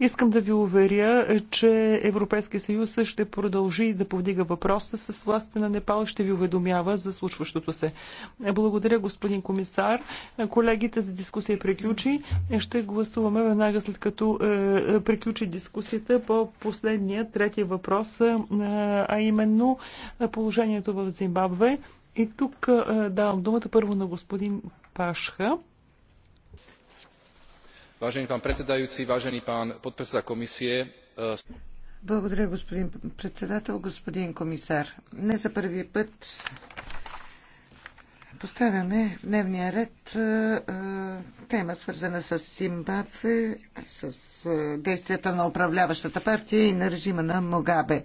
Искам да ви уверя, че Европейския съюз ще продължи да повдига въпроса с властта на Непал и ще ви уведомява за случващото се. Благодаря, господин комисар. Колегите за дискусия приключи. Ще гласуваме веднага след като е, приключи дискусията по последния, третия въпрос, е, а именно положението в Зимбабве. И тук е, давам думата първо на господин Пашха. Vážený pán predsedajúci, vážený pán podpredseda комисie. E, Благодаря, господин председател, господин комисар. Не за първи път поставяме в дневния ред е, е, тема, свързана с Симбабве, с е, действията на управляващата партия и на режима на Могабе.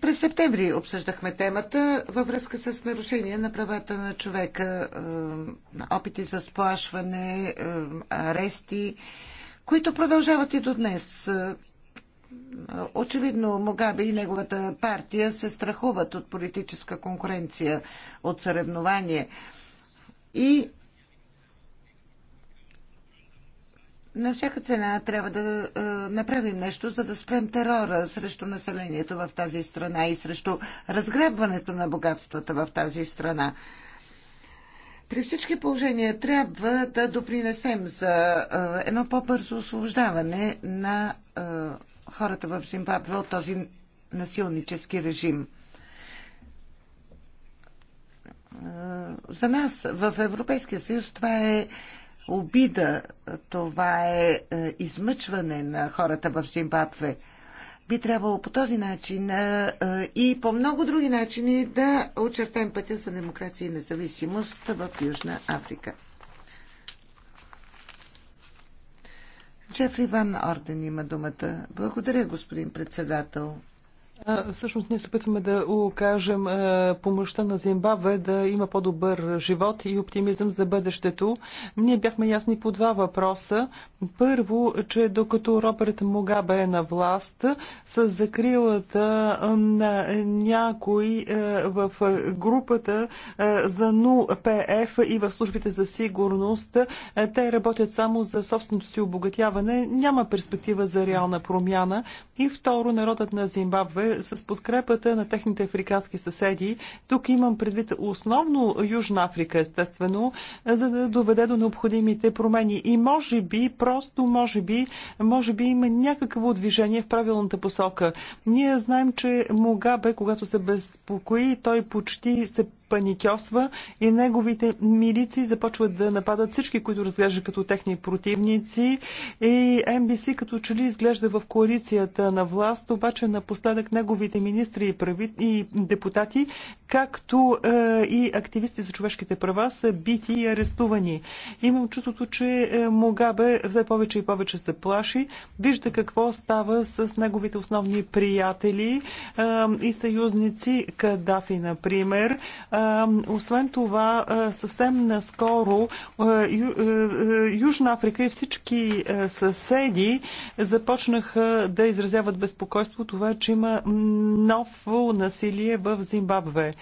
През септември обсъждахме темата във връзка с нарушение на правата на човека, е, опити за сплашване, е, арести, които продължават и до днес. Е, очевидно Могабе и неговата партия се страхуват от политическа конкуренция, от съревнование. И на всяка цена трябва да е, направим нещо, за да спрем терора срещу населението в тази страна и срещу разгребването на богатствата в тази страна. При всички положения трябва да допринесем за е, едно по-бързо освобождаване на е, хората в Зимбабве от този насилнически режим. Е, за нас в Европейския съюз това е обида, това е, е измъчване на хората в Зимбабве. Би трябвало по този начин е, е, и по много други начини да очертаем пътя за демокрация и независимост в Южна Африка. Джефри Ван Орден има думата. Благодаря, господин председател. Всъщност ние се опитваме да окажем помощта на Зимбабве да има по-добър живот и оптимизъм за бъдещето. Ние бяхме ясни по два въпроса. Първо, че докато Роберт Мугабе е на власт, с закрилата на някой в групата за НУПФ и в службите за сигурност, те работят само за собственото си обогатяване. Няма перспектива за реална промяна. И второ, народът на Зимбабве с подкрепата на техните африкански съседи. Тук имам предвид основно Южна Африка, естествено, за да доведе до необходимите промени. И може би, просто може би, може би има някакво движение в правилната посока. Ние знаем, че Мугабе, когато се безпокои, той почти се паникьосва и неговите милиции започват да нападат всички, които разглежда като техни противници. И МБС като че ли изглежда в коалицията на власт, обаче напоследък неговите министри и, прави... и депутати, както е, и активисти за човешките права са бити и арестувани. Имам чувството, че е, Могабе все повече и повече се плаши, вижда какво става с неговите основни приятели е, и съюзници, Кадафи, например. Е, освен това, съвсем наскоро Южна Африка и всички съседи започнаха да изразяват безпокойство това, че има ново насилие в Зимбабве.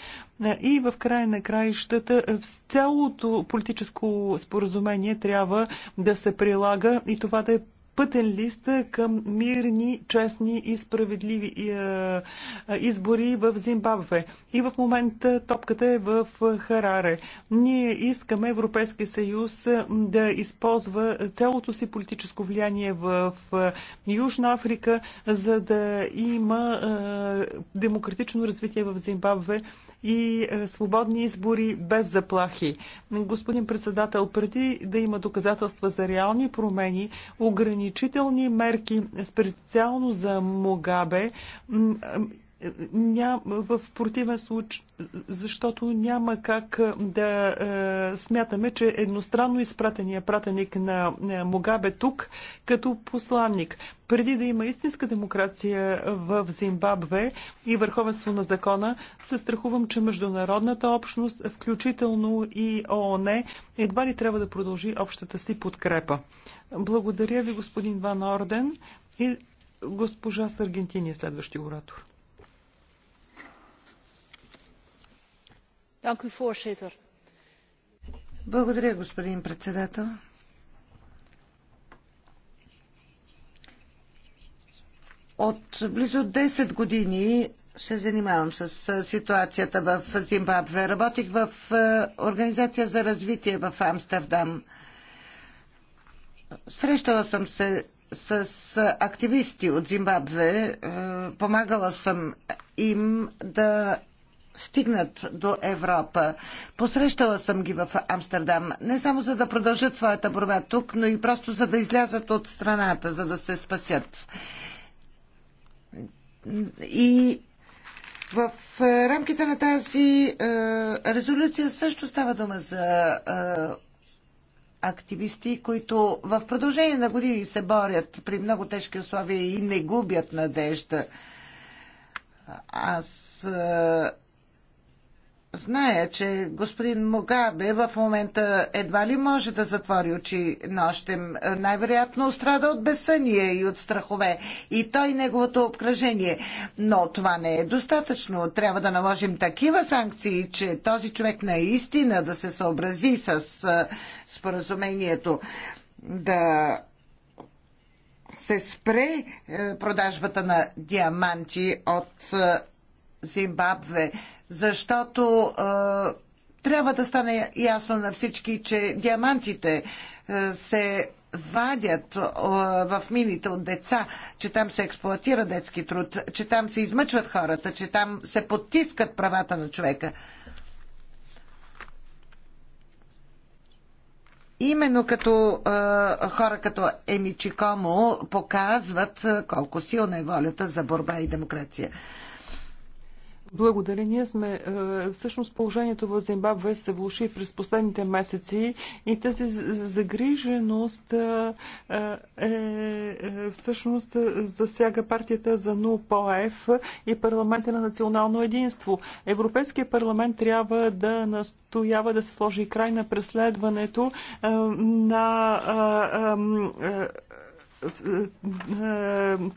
И в край на краищата в цялото политическо споразумение трябва да се прилага и това да е пътен лист към мирни, честни и справедливи е, е, избори в Зимбабве. И в момента топката е в Хараре. Ние искаме Европейския съюз да използва цялото си политическо влияние в Южна Африка, за да има е, демократично развитие в Зимбабве и свободни избори без заплахи. Господин председател, преди да има доказателства за реални промени, ограничения ограничителни мерки специално за Мугабе Ням, в противен случай, защото няма как е, да е, смятаме, че едностранно изпратения пратеник на е, Могабе тук като посланник. Преди да има истинска демокрация в Зимбабве и върховенство на закона, се страхувам, че международната общност, включително и ООН, едва ли трябва да продължи общата си подкрепа. Благодаря ви, господин Ван Орден и госпожа Саргентини, е следващия оратор. Благодаря, господин председател. От близо 10 години се занимавам с ситуацията в Зимбабве. Работих в Организация за развитие в Амстердам. Срещала съм се с активисти от Зимбабве. Помагала съм им да стигнат до Европа. Посрещала съм ги в Амстердам, не само за да продължат своята борба тук, но и просто за да излязат от страната, за да се спасят. И в е, рамките на тази е, резолюция също става дума за е, активисти, които в продължение на години се борят при много тежки условия и не губят надежда. Аз е, Зная, че господин Могабе в момента едва ли може да затвори очи нощем. Най-вероятно страда от безсъние и от страхове. И той неговото обкръжение. Но това не е достатъчно. Трябва да наложим такива санкции, че този човек наистина да се съобрази с споразумението. Да се спре е, продажбата на диаманти от Зимбабве защото трябва да стане ясно на всички, че диамантите се вадят в мините от деца, че там се експлоатира детски труд, че там се измъчват хората, че там се потискат правата на човека. Именно като е, хора като Емичикомо показват колко силна е волята за борба и демокрация. Благодаря. Ние сме. Е, всъщност положението в Зимбабве се влуши през последните месеци и тази загриженост е, е, е, всъщност засяга партията за НУПОЕФ и парламента на национално единство. Европейския парламент трябва да настоява да се сложи край на преследването на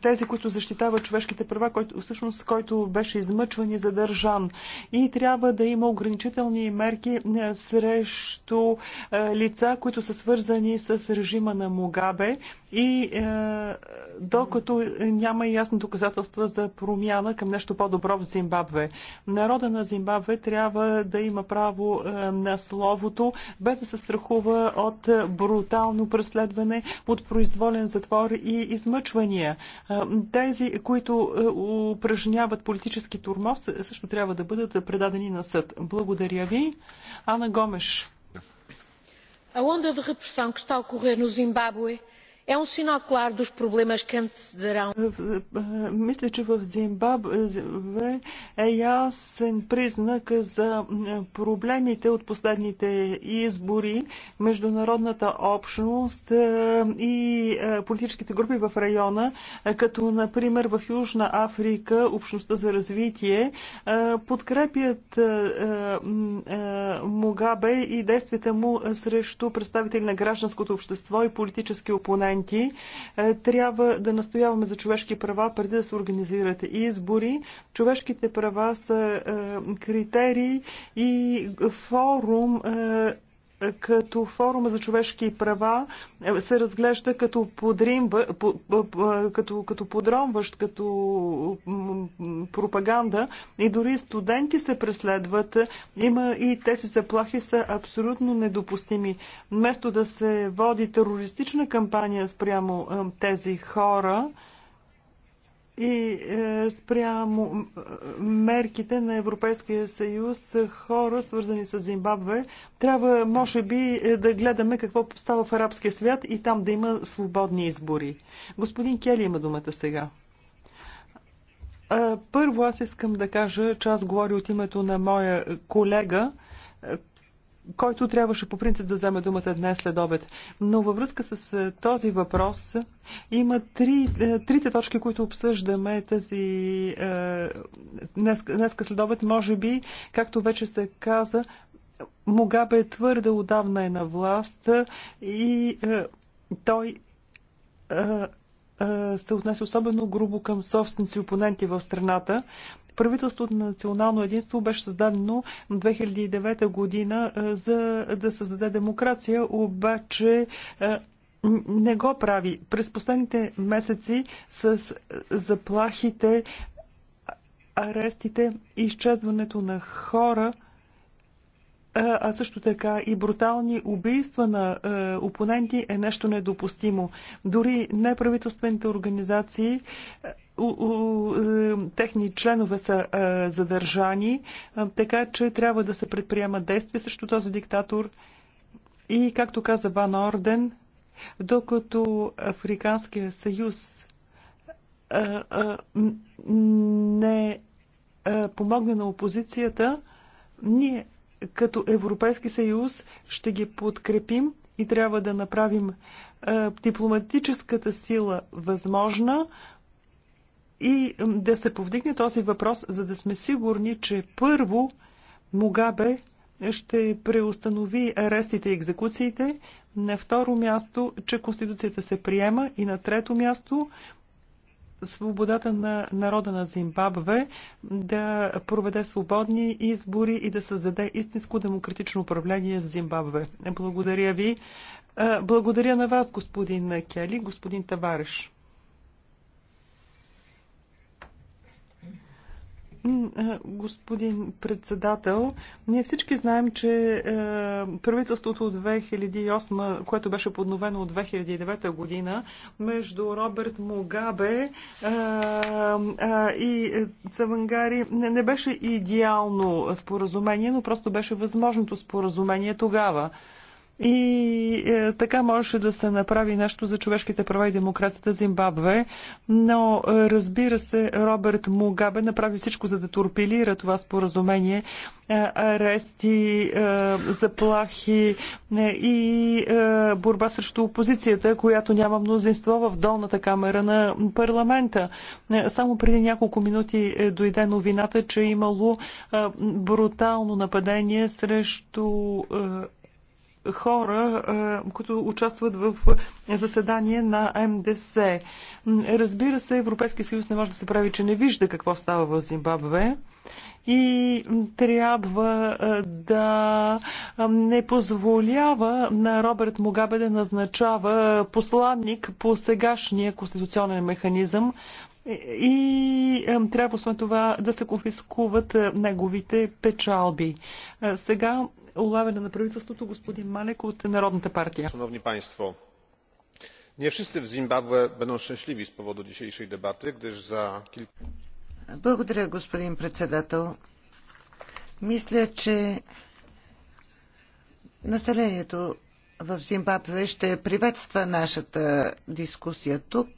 тези, които защитават човешките права, който, всъщност, който беше измъчван и задържан. И трябва да има ограничителни мерки е, срещу е, лица, които са свързани с режима на Мугабе и е, докато няма ясни доказателства за промяна към нещо по-добро в Зимбабве. Народа на Зимбабве трябва да има право на словото, без да се страхува от брутално преследване, от произволен затвор затвор и измъчвания. Тези, които е, упражняват политически турмоз, също трябва да бъдат предадени на съд. Благодаря ви. Ана Гомеш. A onda de repressão que está a ocorrer no Zimbábue е um sinal claro dos problemas que antecederão. Е, е, е, мисля, че в Зимбабве е ясен признак за проблемите от последните избори, международната общност и политическите групи в района, като например в Южна Африка Общността за развитие подкрепят Мугабе и действията му срещу представители на гражданското общество и политически опоненти парламенти. Е, трябва да настояваме за човешки права преди да се организират избори. Човешките права са е, критерии и форум е, като форума за човешки права е, се разглежда като, подримва, като, като подромващ, като пропаганда и дори студенти се преследват. Има и тези заплахи са абсолютно недопустими. Вместо да се води терористична кампания спрямо тези хора, и е, спрямо мерките на Европейския съюз хора, свързани с Зимбабве, трябва, може би, е, да гледаме какво става в арабския свят и там да има свободни избори. Господин Кели има думата сега. Е, първо аз искам да кажа, че аз говоря от името на моя колега, който трябваше по принцип да вземе думата днес след обед. Но във връзка с е, този въпрос има три, е, трите точки, които обсъждаме тази е, днес, днес след обед. Може би, както вече се каза, могабе е твърде отдавна е на власт и е, той е, се отнесе особено грубо към собственици опоненти в страната. Правителството на национално единство беше създадено 2009 година е, за да създаде демокрация, обаче е, не го прави. През последните месеци с е, заплахите, арестите, изчезването на хора, а също така и брутални убийства на опоненти е нещо недопустимо. Дори неправителствените организации е, техни членове са е, задържани, е, така че трябва да се предприема действия срещу този диктатор. И, както каза Ван Орден, докато Африканския съюз не помогне на опозицията, ние като Европейски съюз ще ги подкрепим и трябва да направим дипломатическата сила възможна, и да се повдигне този въпрос, за да сме сигурни, че първо Мугабе ще преустанови арестите и екзекуциите, на второ място, че Конституцията се приема и на трето място свободата на народа на Зимбабве да проведе свободни избори и да създаде истинско демократично управление в Зимбабве. Благодаря ви. Благодаря на вас, господин Кели, господин Тавариш. Господин председател, ние всички знаем, че е, правителството от 2008, което беше подновено от 2009 година, между Роберт Мугабе е, е, и Цавангари не, не беше идеално споразумение, но просто беше възможното споразумение тогава. И е, така можеше да се направи нещо за човешките права и демокрацията Зимбабве. Но е, разбира се, Роберт Мугабе направи всичко за да турпилира това споразумение. Е, арести, е, заплахи е, и е, борба срещу опозицията, която няма мнозинство в долната камера на парламента. Е, само преди няколко минути е, дойде новината, че е имало е, брутално нападение срещу. Е, хора, които участват в заседание на МДС. Разбира се, Европейския съюз не може да се прави, че не вижда какво става в Зимбабве и трябва да не позволява на Роберт Мугабе да назначава посланник по сегашния конституционен механизъм и трябва освен това да се конфискуват неговите печалби. Сега улавяне на правителството господин от Народната партия. Państwo, nie wszyscy w Zimbabwe będą szczęśliwi z powodu dzisiejszej debaty, gdyż za kilka... Благодаря, господин председател. Мисля, че населението в Зимбабве ще приветства нашата дискусия тук.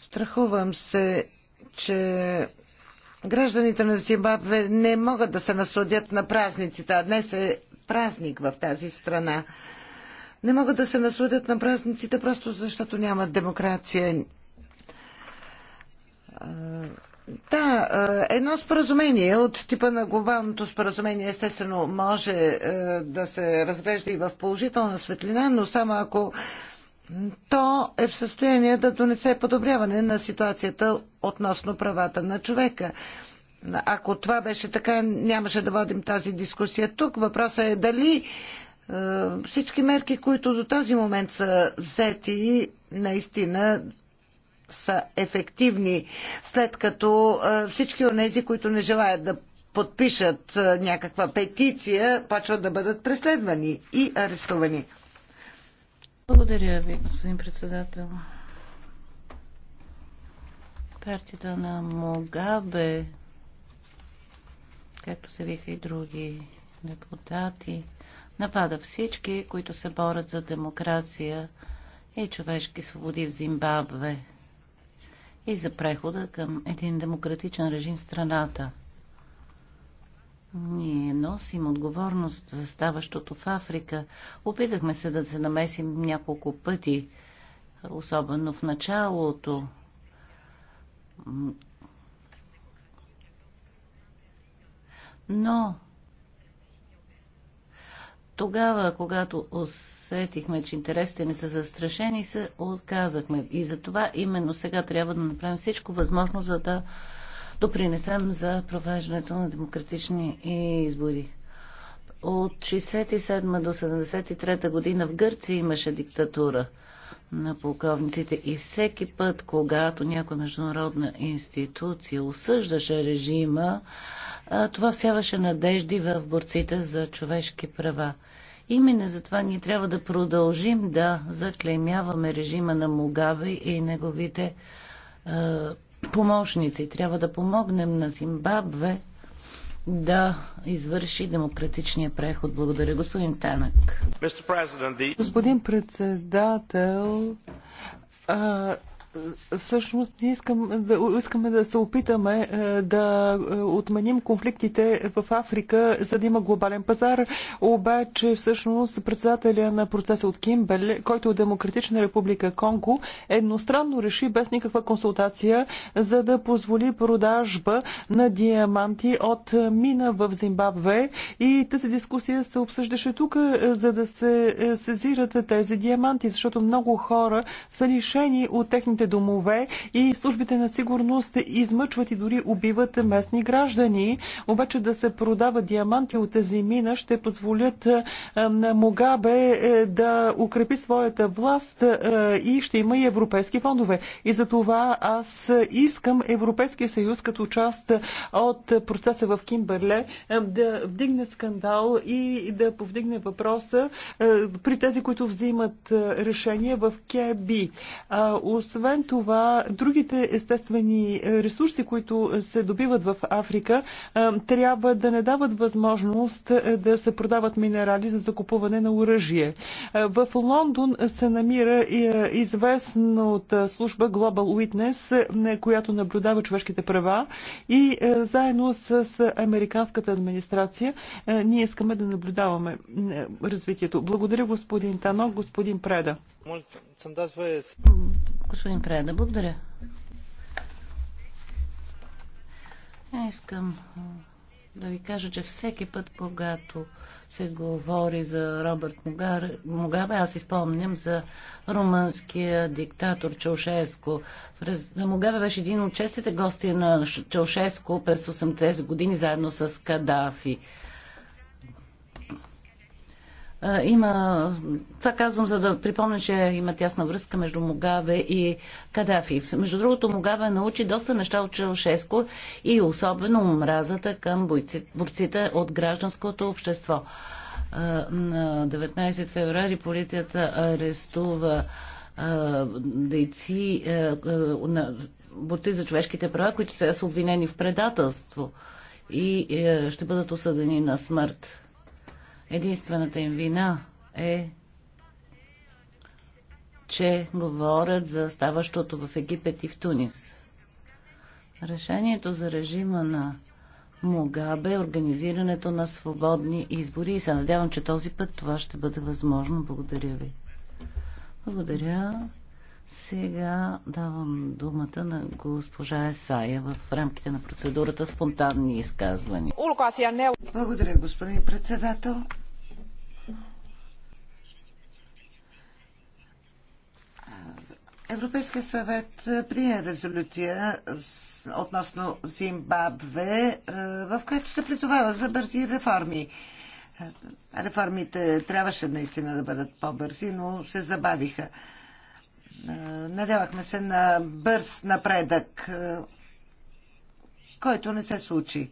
Страхувам се, че Гражданите на Зимбабве не могат да се насладят на празниците, а днес е празник в тази страна. Не могат да се насладят на празниците, просто защото нямат демокрация. Да, едно споразумение от типа на глобалното споразумение естествено може да се разглежда и в положителна светлина, но само ако то е в състояние да донесе подобряване на ситуацията относно правата на човека. Ако това беше така, нямаше да водим тази дискусия тук. Въпросът е дали е, всички мерки, които до този момент са взети, наистина са ефективни, след като е, всички от тези, които не желаят да подпишат е, някаква петиция, почват да бъдат преследвани и арестувани. Благодаря ви, господин председател. Партията на Могабе, както се виха и други депутати, напада всички, които се борят за демокрация и човешки свободи в Зимбабве и за прехода към един демократичен режим в страната. Ние носим отговорност за ставащото в Африка. Опитахме се да се намесим няколко пъти, особено в началото. Но тогава, когато усетихме, че интересите ни са застрашени, се отказахме. И за това именно сега трябва да направим всичко възможно, за да допринесем за провеждането на демократични избори. От 67 до 73 година в Гърция имаше диктатура на полковниците и всеки път, когато някоя международна институция осъждаше режима, това всяваше надежди в борците за човешки права. Именно затова ние трябва да продължим да заклеймяваме режима на Мугаве и неговите е, помощници. Трябва да помогнем на Зимбабве да извърши демократичния преход. Благодаря, господин Танък. Господин председател, а... Всъщност ние искам, да, искаме да се опитаме е, да е, отменим конфликтите в Африка, за да има глобален пазар. Обаче всъщност председателя на процеса от Кимбел, който е Демократична република Конго, едностранно реши без никаква консултация, за да позволи продажба на диаманти от мина в Зимбабве. И тази дискусия се обсъждаше тук, е, за да се сезират тези диаманти, защото много хора са лишени от техните техните домове и службите на сигурност измъчват и дори убиват местни граждани. Обаче да се продават диаманти от тази мина ще позволят е, на Могабе е, да укрепи своята власт е, и ще има и европейски фондове. И за това аз искам Европейския съюз като част от процеса в Кимберле да вдигне скандал и да повдигне въпроса при тези, които взимат решения в КЕБИ. Освен освен това, другите естествени ресурси, които се добиват в Африка, трябва да не дават възможност да се продават минерали за закупуване на оръжие. В Лондон се намира от служба Global Witness, която наблюдава човешките права и заедно с американската администрация ние искаме да наблюдаваме развитието. Благодаря господин Тано, господин Преда. Господин Преда, благодаря. Я искам да ви кажа, че всеки път, когато се говори за Робърт Мугабе, аз изпомням за румънския диктатор Чаушеско. Мугабе беше един от честите гости на Чаушеско през 80-те години, заедно с Кадафи има, това казвам, за да припомня, че има тясна връзка между Могаве и Кадафи. Между другото, Могаве научи доста неща от Челшеско и особено омразата към борците от гражданското общество. На 19 феврари полицията арестува дейци, борци за човешките права, които сега са обвинени в предателство и е, ще бъдат осъдени на смърт. Единствената им вина е, че говорят за ставащото в Египет и в Тунис. Решението за режима на Могабе е организирането на свободни избори и се надявам, че този път това ще бъде възможно. Благодаря ви. Благодаря. Сега давам думата на госпожа Есая в рамките на процедурата спонтанни изказвания. Благодаря, господин председател. Европейския съвет прие резолюция относно Зимбабве, в която се призовава за бързи реформи. Реформите трябваше наистина да бъдат по-бързи, но се забавиха. Е, надявахме се на бърз напредък, е, който не се случи.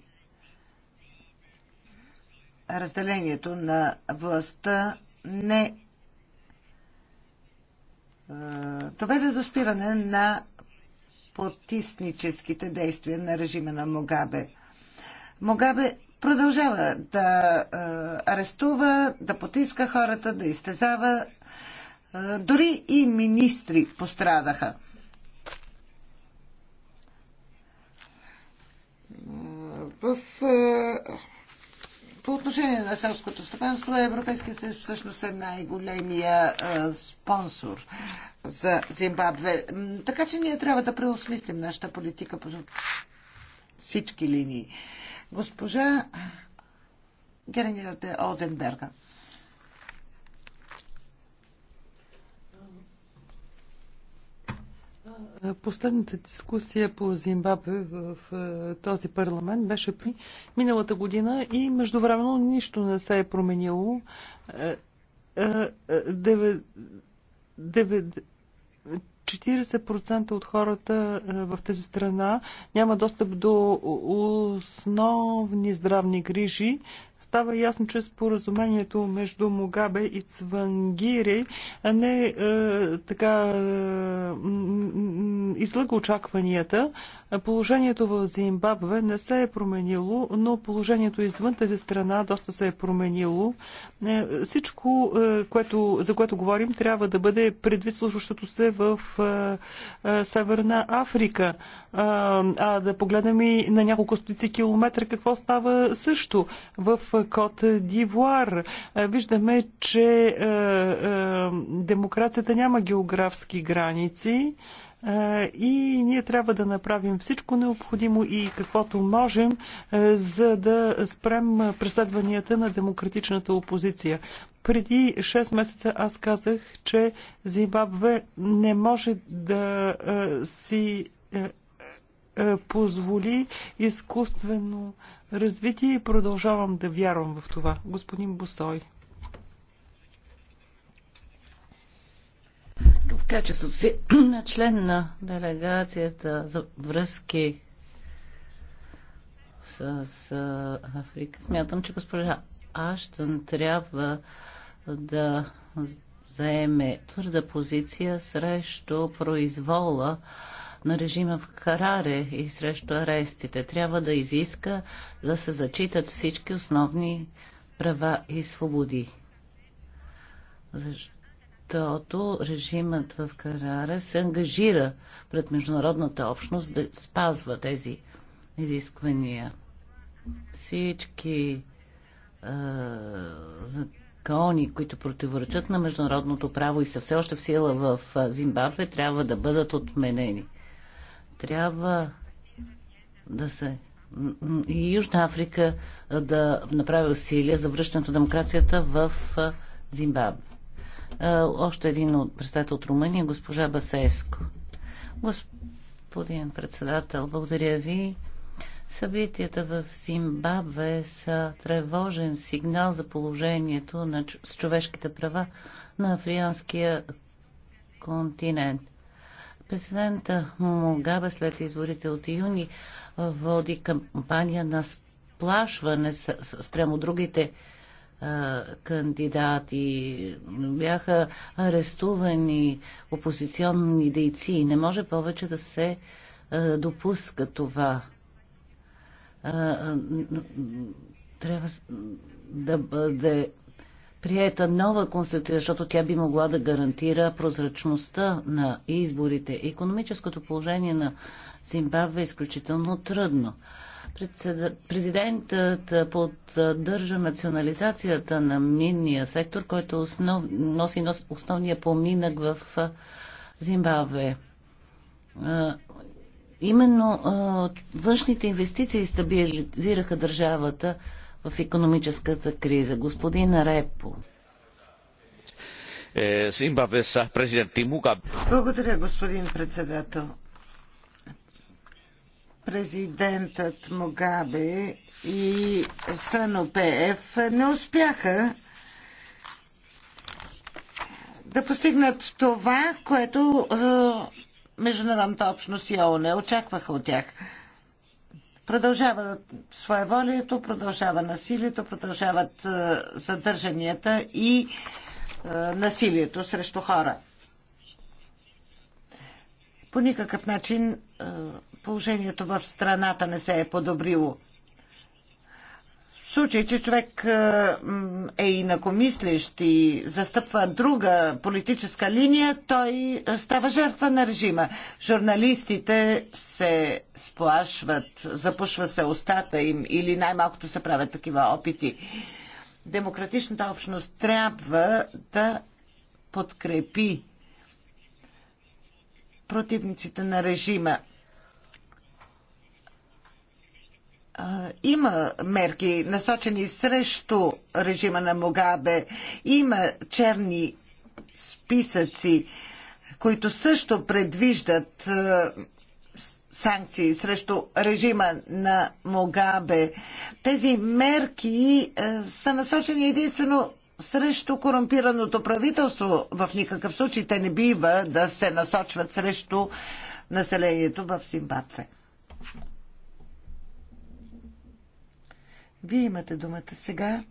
Разделението на властта не е, доведе до спиране на потисническите действия на режима на Могабе. Могабе продължава да арестува, да потиска хората, да изтезава дори и министри пострадаха. В по отношение на селското стопанство, Европейския съюз всъщност е най-големия спонсор за Зимбабве. Така че ние трябва да преосмислим нашата политика по всички линии. Госпожа Геренгерте Олденберга. Е, последната дискусия по Зимбабве в е, този парламент беше при миналата година и междувременно нищо не се е променило. Е, 40% от хората е, в тази страна няма достъп до основни здравни грижи. Става ясно, че споразумението между Могабе и Цвангири не е, така излъга очакванията. Положението в Зимбабве не се е променило, но положението извън тази страна доста се е променило. Е, всичко, е, което, за което говорим, трябва да бъде предвид слушащото се в е, е, Северна Африка. Е, а да погледнем и на няколко стотици километра какво става също в Кот Дивуар. Виждаме, че демокрацията няма географски граници и ние трябва да направим всичко необходимо и каквото можем, за да спрем преследванията на демократичната опозиция. Преди 6 месеца аз казах, че Зимбабве не може да е, си е, е, позволи изкуствено развитие и продължавам да вярвам в това. Господин Босой. В качеството си на член на делегацията за връзки с Африка, смятам, че госпожа Аштън трябва да заеме твърда позиция срещу произвола на режима в Хараре и срещу арестите. Трябва да изиска да се зачитат всички основни права и свободи. Защото режимът в Караре се ангажира пред международната общност да спазва тези изисквания. Всички е, закони, които противоречат на международното право и са все още в сила в Зимбабве, трябва да бъдат отменени. Трябва да се и Южна Африка да направи усилия за връщането на демокрацията в Зимбабве. Още един от представител от Румъния, госпожа Басеско. Господин председател, благодаря ви. Събитията в Зимбабве са тревожен сигнал за положението на, с човешките права на африанския континент. Президента Мугабе след изворите от юни води кампания на сплашване спрямо другите кандидати. Бяха арестувани опозиционни дейци. Не може повече да се допуска това трябва да бъде приета нова конституция, защото тя би могла да гарантира прозрачността на изборите. Економическото положение на Зимбабве е изключително трудно. Президентът поддържа национализацията на минния сектор, който основ... носи основния поминък в Зимбабве. Именно външните инвестиции стабилизираха държавата в економическата криза. Господин Репо. Е, Зимбабвеса президент Мугабе. Благодаря, господин председател. Президентът Могабе и СНОПФ не успяха да постигнат това, което международната общност и ООН очакваха от тях. Продължава своеволието, продължава насилието, продължават е, задържанията и е, насилието срещу хора. По никакъв начин е, положението в страната не се е подобрило случай, че човек е инакомислещ и застъпва друга политическа линия, той става жертва на режима. Журналистите се сплашват, запушва се устата им или най-малкото се правят такива опити. Демократичната общност трябва да подкрепи противниците на режима. има мерки насочени срещу режима на Могабе. Има черни списъци, които също предвиждат санкции срещу режима на Могабе. Тези мерки са насочени единствено срещу корумпираното правителство. В никакъв случай те не бива да се насочват срещу населението в Зимбабве. Вие имате думата сега.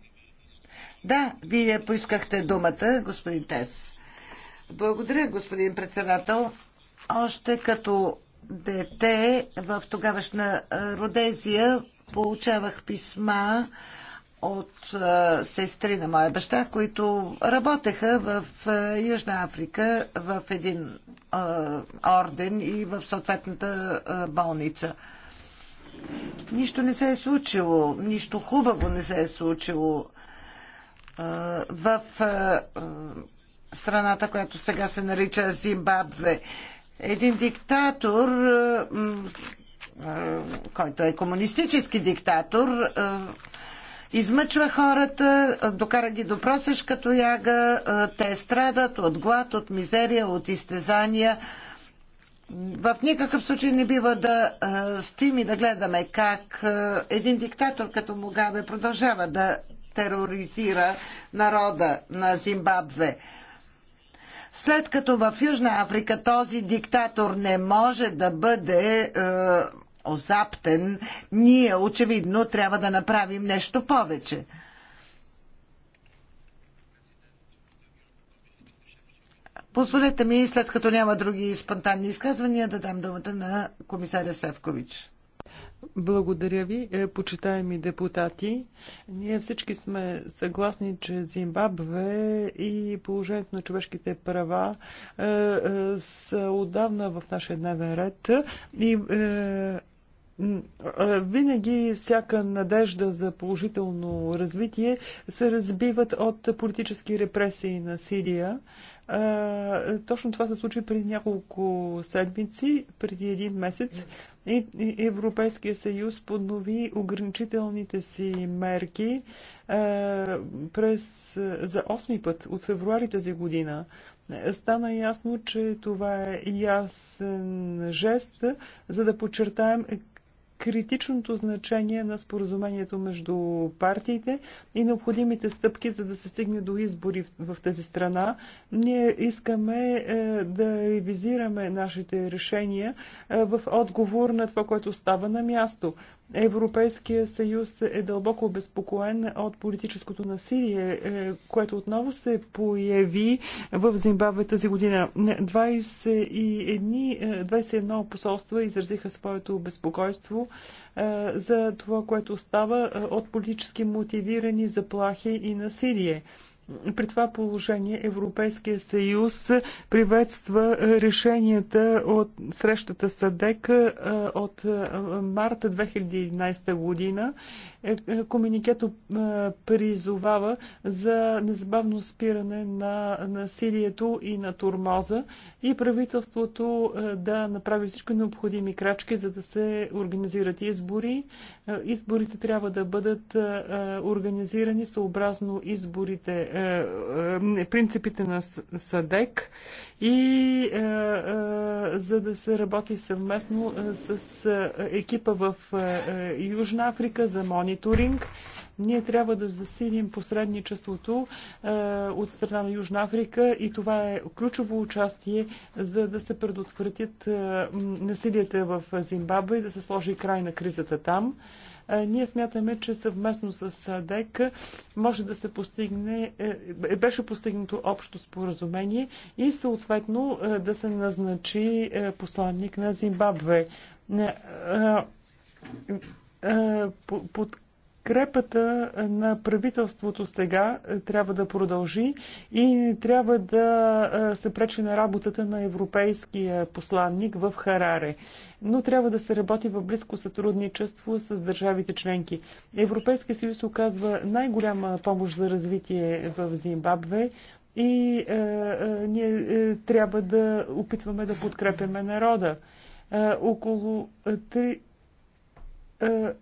Да, вие поискахте думата, господин Тес. Благодаря, господин председател. Още като дете в тогавашна Родезия получавах писма от сестри на моя баща, които работеха в Южна Африка в един орден и в съответната болница нищо не се е случило, нищо хубаво не се е случило в страната, която сега се нарича Зимбабве. Един диктатор, който е комунистически диктатор, измъчва хората, докара ги до просеш като яга, те страдат от глад, от мизерия, от изтезания. В никакъв случай не бива да стоим и да гледаме как един диктатор като Мугабе продължава да тероризира народа на Зимбабве. След като в Южна Африка този диктатор не може да бъде е, озаптен, ние очевидно трябва да направим нещо повече. Позволете ми, след като няма други спонтанни изказвания, да дам думата на комисаря Севкович. Благодаря ви, е, почитаеми депутати. Ние всички сме съгласни, че Зимбабве и положението на човешките права е, е, са отдавна в нашия дневен ред и е, е винаги всяка надежда за положително развитие се разбиват от политически репресии на Сирия. Точно това се случи преди няколко седмици, преди един месец. Европейския съюз поднови ограничителните си мерки през, за 8 път от февруари тази година. Стана ясно, че това е ясен жест, за да подчертаем критичното значение на споразумението между партиите и необходимите стъпки, за да се стигне до избори в, тази страна. Ние искаме е, да ревизираме нашите решения е, в отговор на това, което става на място. Европейския съюз е дълбоко обезпокоен от политическото насилие, е, което отново се появи в Зимбабве тази година. 21, 21 е, посолства изразиха своето безпокойство е, за това, което става от политически мотивирани заплахи и насилие. При това положение Европейския съюз приветства е, решенията от срещата САДЕК е, от е, марта 2011 година. Комуникето призовава за незабавно спиране на насилието и на турмоза и правителството да направи всички необходими крачки, за да се организират избори. Е, изборите трябва да бъдат е, е, организирани съобразно изборите, принципите на САДЕК и за да се работи съвместно с екипа в Южна Африка за мониторинг. Ние трябва да засилим посредничеството от страна на Южна Африка и това е ключово участие, за да се предотвратят насилията в Зимбабве и да се сложи край на кризата там. Ние смятаме, че съвместно с САДЕК може да се постигне, е, е, беше постигнато общо споразумение и съответно да се назначи е, посланник на Зимбабве. Под подкрепата на правителството сега е, трябва да продължи и не трябва да е, се пречи на работата на европейския посланник в Хараре. Но трябва да се работи в близко сътрудничество с държавите членки. Европейския съюз оказва най-голяма помощ за развитие в Зимбабве. И е, е, ние е, трябва да опитваме да подкрепяме народа. Е, около 3, е, е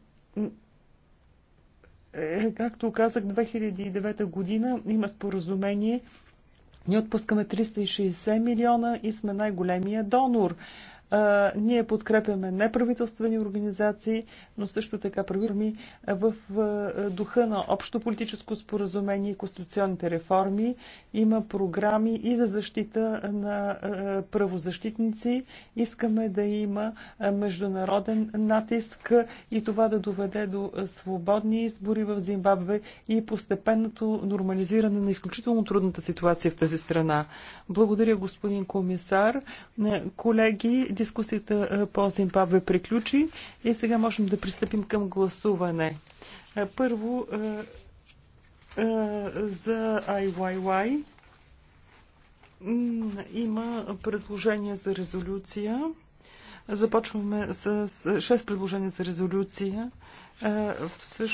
е, както казах, 2009 година има споразумение. Ние отпускаме 360 милиона и сме най-големия донор. Ние подкрепяме неправителствени организации, но също така правилни в духа на общо политическо споразумение и конституционните реформи. Има програми и за защита на правозащитници. Искаме да има международен натиск и това да доведе до свободни избори в Зимбабве и постепенното нормализиране на изключително трудната ситуация в тази страна. Благодаря, господин комисар. Колеги, Дискусията е, по Зимбабве приключи и сега можем да пристъпим към гласуване. Е, първо е, за IYY има предложение за резолюция. Започваме с 6 предложения за резолюция. Всъщност